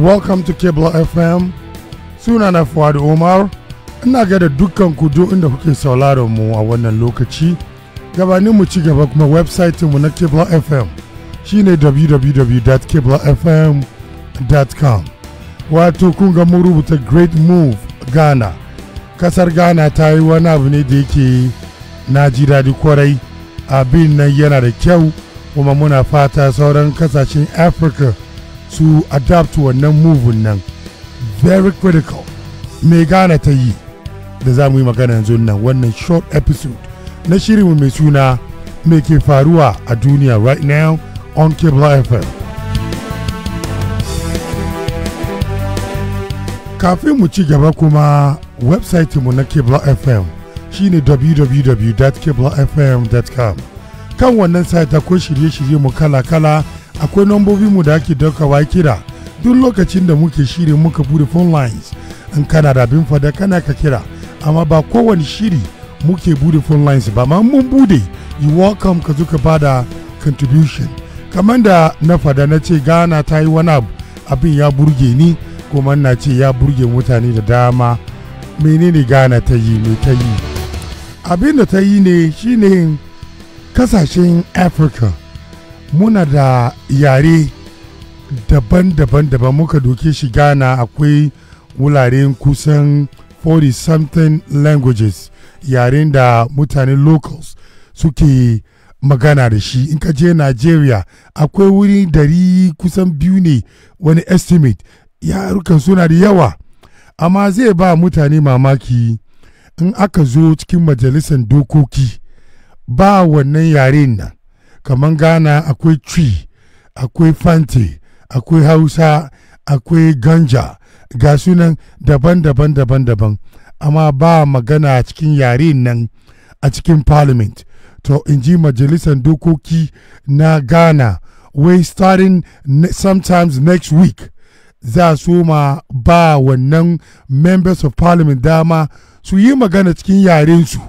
welcome to Kibla FM suna na Fuad Omar ina ga da dukkan ku duk inda kuke sauraron mu a wannan lokaci gabanin mu ci gaba kuma website mu na Kibla FM shine www.kiblafm.com wato kun ga mun rubuta Great Move Ghana kasar Ghana ta yi wani abu ne da yake na ji daɗi kwarai abin nan yana da kyau kuma muna fata sauran kasashen afirka. su adapt wannan movin nan very critical mai gane ta yi da za mu yi magana yanzu nan wannan short episode na shirinmu mai suna mai ke faruwa a duniya right now on cable fm kafin mu ci gaba kuma mu na cable fm shine www.cablefm.com kan wannan site akwai shirye-shirye mu kala-kala akwai mu da ake daukawa kira duk lokacin da muke shirin muka bude phone lines in kana da abin fada kana ka kira amma ba kowane shiri muke bude phone lines ba ma mun bude you welcome ka zo ka bada contribution kamar da na fada na ce gana ta yi wani abu abin ya burge ni kuma na ce ya burge mutane da dama menene gana ta yi me ta yi abin da ta yi ne shine kasashen africa muna da yare daban-daban daban muka doke shi ghana akwai wularen kusan 40 something languages yaren da mutane locals suke magana da shi in ka je nigeria akwai wuri dari kusan biyu ne wani estimate yarukan suna da yawa amma zai ba mutane mamaki in aka zo cikin majalisar dokoki ba wannan yaren nan kamar ghana akwai tree akwai fanti akwai hausa akwai ganja ga sunan daban-daban daban-daban amma ba magana a cikin yare nan a cikin parliament to in ji majalisar dokoki na ghana wai starting sometimes next week za su ma ba wannan members of parliament dama su yi magana cikin yarensu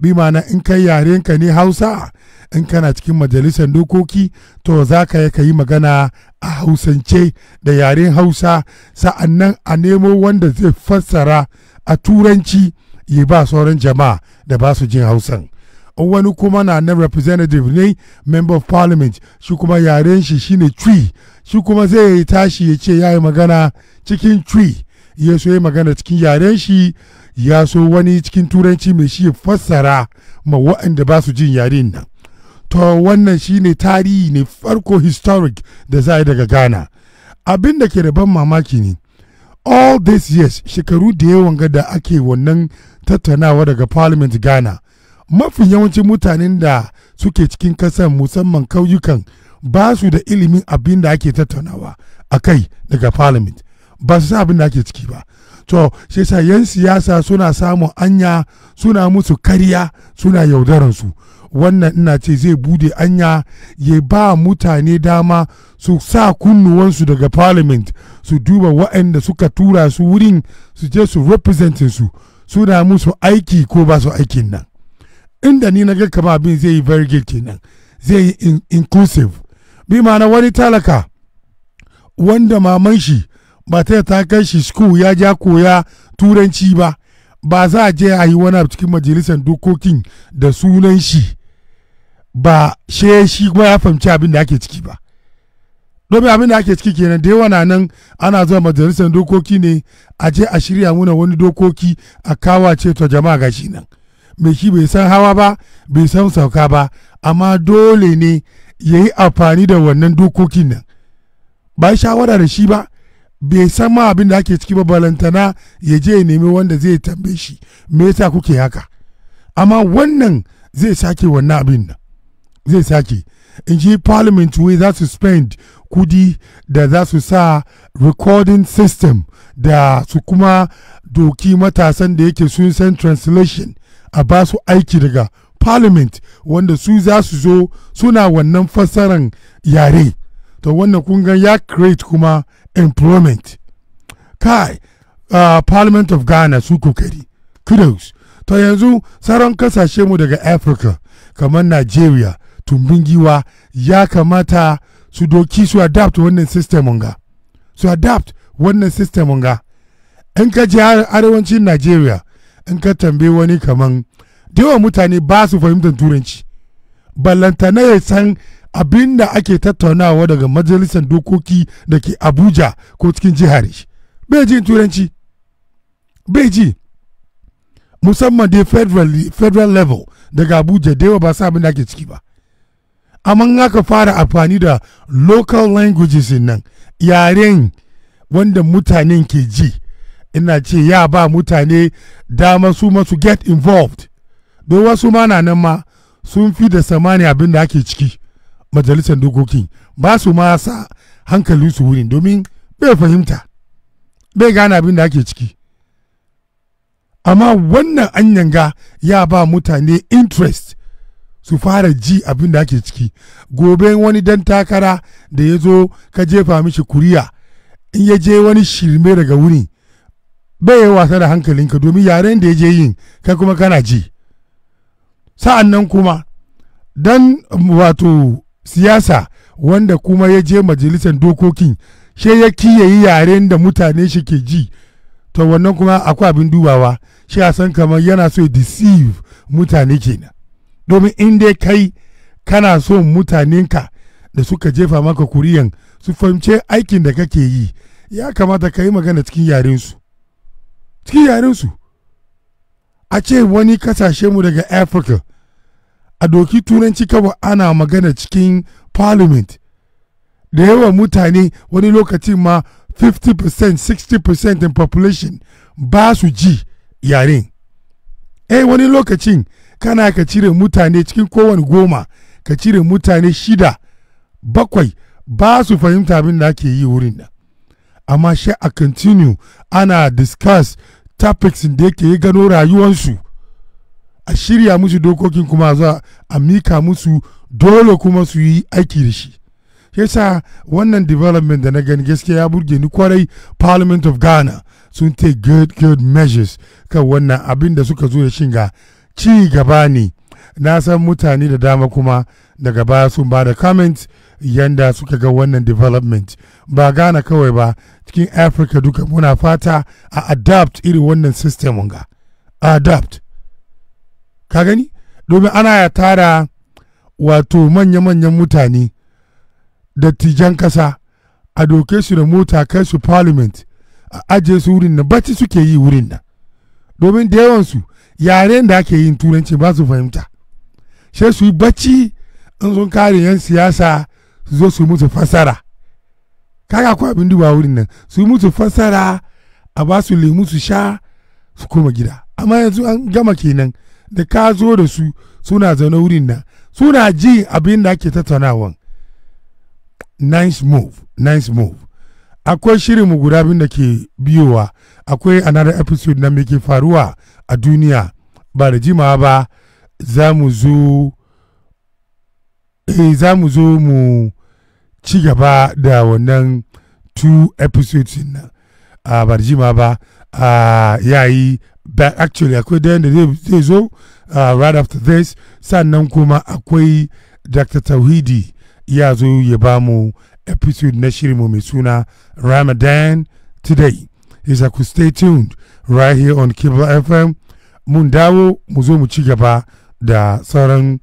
bi mana in kai yarenka ne hausa in kana cikin majalisar dokoki to za ka yi ka yi magana a hausance da yaren hausa sa'an nan a nemo wanda zai fassara a turanci ya ba sauran jama'a da ba su jin hausan wani kuma na nan representative ne member of parliament shi kuma yaren shi shine tree shi kuma zai tashi ya ce ya yi magana cikin tree ya so ya magana cikin yaren shi ya so wani cikin turanci mai shi fassara ma wa'anda ba su jin yaren nan to wannan shine tarihi ne farko historic da za yi daga ghana abin da ke da ban mamaki ne all this years shekaru da yawan da ake wannan tattaunawa daga parliament ghana mafi yawancin mutanen da suke cikin kasan musamman kauyukan ba su da ilimin abin da ake tattaunawa a kai daga parliament ba su sa abin da ake ciki ba to shi yan siyasa suna samun anya suna musu kariya suna yaudaransu wannan ina ce zai bude anya ya ba mutane dama su sa kunnuwansu daga parliament su duba waɗanda suka tura su wurin su je su representin su suna musu aiki ko ba su aikin nan inda ni na ga kama abin zai yi very good kenan zai yi inclusive bi ma'ana wani talaka wanda maman shi ba ta ta kai shi school ya ja koya turanci ba ba za a je a yi wani cikin majalisar dokokin da sunan shi ba she shi kuma ya fahimci abin da ake ciki ba domin abin da ake ciki kenan da yawa na nan ana zuwa majalisar dokoki ne a je a shirya muna wani dokoki a kawa ce to jama'a gashi nan mai shi bai san hawa ba bai san sauka ba amma dole ne ya yi amfani da wannan dokokin nan ba shawara da shi ba bai san ma abin da ake ciki ba balantana ya je ya nemi wanda zai tambaye shi me yasa kuke haka amma wannan zai sake wannan abin nan zai sake in ji parliament wai za su spend kudi da za su sa recording system da su kuma doki matasan da yake sun san translation a ba su aiki daga parliament wanda su za su zo suna wannan fassaran yare to wannan kungan ya create kuma employment kai uh, parliament of ghana su kokari kudos to yanzu sauran kasashe mu daga africa kamar nigeria tumbin giwa ya kamata su doki su adapt wannan system ga su adapt wannan system ga in ka ji arewacin nigeria in ka tambe wani kaman dewa mutane ba su fahimtar turanci ballanta na ya san abin da ake tattaunawa daga majalisar dokoki da ke abuja ko cikin jihar bai turanci bai musamman dai federal, level daga abuja dewa ba sa abin da ake ciki ba amma aka fara amfani da local languages nan yaren wanda mutanen ke ji ina ce ya ba mutane dama su masu get involved don wasu mana na nan ma sun fi da samani abin da ake ciki majalisar dokokin ba su ma sa hankali su wurin domin bai fahimta bai gane abin da ake ciki amma wannan an yanga ya ba mutane interest su fara ji abin da ake ciki gobe wani dan takara da ya zo ka jefa mishi kuriya in ya je wani shirme daga wuri bai yi wasa da hankalinka domin yaren da ya je yin kai kuma kana ji sa'an nan kuma dan wato siyasa wanda kuma ya je majalisar dokokin she ya kiyaye yaren da mutane shi ke ji to wannan kuma akwai abin dubawa shi a san kamar yana so ya deceive mutane kenan domin in dai kai kana son mutanenka da suka jefa maka kuriyan su fahimce aikin da kake yi ya kamata ka yi magana cikin yarensu cikin yarensu a ce wani kasashe mu daga africa a doki turanci kawai ana magana cikin parliament da yawan mutane wani lokaci ma 50% 60% in population ba su ji yaren eh wani lokacin kana ka cire mutane cikin kowane goma ka cire mutane shida bakwai ba su fahimta abin da ake yi wurin da amma shi a continue ana discuss topics da yake yi gano rayuwarsu a shirya musu dokokin kuma za a mika musu dole kuma su yi aiki da shi yasa wannan development da na gani gaskiya ya burge ni kwarai parliament of ghana sun take good good measures kan wannan abin da suka zo da shinga ci gaba ne na san mutane da dama kuma daga baya sun ba da comment yanda suka ga wannan development ba gana kawai ba cikin africa duka muna fata a adapt irin wannan system ga adapt ka gani domin ana ya tara wato manya-manyan mutane dattijan kasa a doke su da mota kai su parliament a ajiye su wurin na bacci suke yi wurin na domin da yawansu yaren da ake yin turanci ba su fahimta sai su yi bacci in sun kare yan siyasa su zo su yi musu fasara kaga ko abin duba wurin nan su yi musu fasara a ba su lemu su sha su koma gida amma yanzu an gama kenan da ka zo da su suna zaune wurin nan suna ji abin da ake tattaunawan nice move nice move akwai shirin mu guda biyu da ke biyowa akwai another episode na me ke faruwa a duniya ba da jimawa ba za mu zo eh, mu ci gaba da wannan two episodes na a ba da jimawa ba a yayi back actually akwai da zai zo right after this sannan kuma akwai dr tauhidi ya zo ya ba mu episode na shirin mu mai suna Ramadan Today. Isa ku stay tuned right here on Cable FM. Mun dawo mu zo mu ci gaba da sauran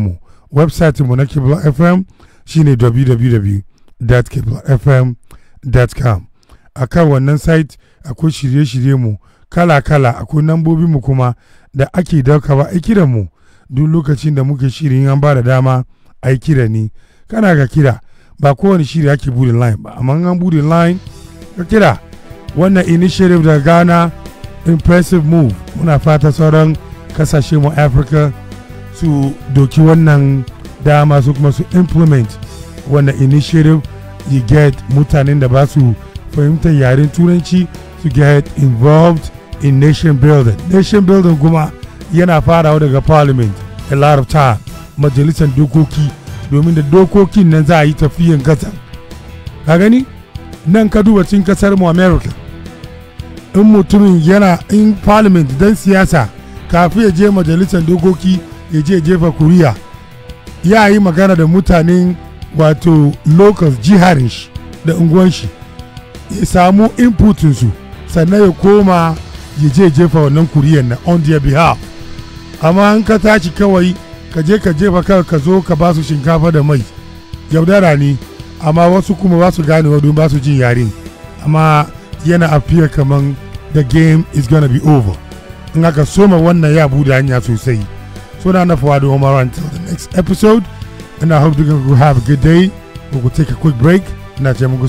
mu Website mu na Cable FM shine www.cablefm.com. A kan wannan site akwai shirye-shirye mu kala-kala akwai nambobi mu kuma da ake daukawa a kiran mu duk lokacin da muke shirin an ba da dama a kira ni kana ga kira ba kowane shiri ake bude line ba amma an bude line ka kira wannan initiative daga ghana impressive move muna fata sauran kasashe mu africa su doki wannan dama su kuma su implement wannan initiative you get mutanen da ba su fahimtar yaren turanci su get involved in nation building nation building kuma yana farawa daga parliament a lot of time majalisar dokoki domin da dokokin nan za a yi tafiyan gaza ka gani nan ka duba cin kasar mu america in mutumin yana in parliament dan siyasa kafin ya je majalisar dokoki ya je jefa kuriya ya yi magana da mutanen wato locals jiharin shi da unguwan shi ya samu inputinsu sannan ya koma ya je jefa wannan kuriyan na on their behalf amma an ka tashi kawai ka je ka jefa kar ka zo ka basu shinkafa da mai yaudara ne amma wasu kuma ba su gane don ba su jin yare amma yana afiya kaman the game is gonna be over in aka soma wannan ya bude hanya sosai so na fawa da until the next episode and i hope you can have a good day we will take a quick break na ce muku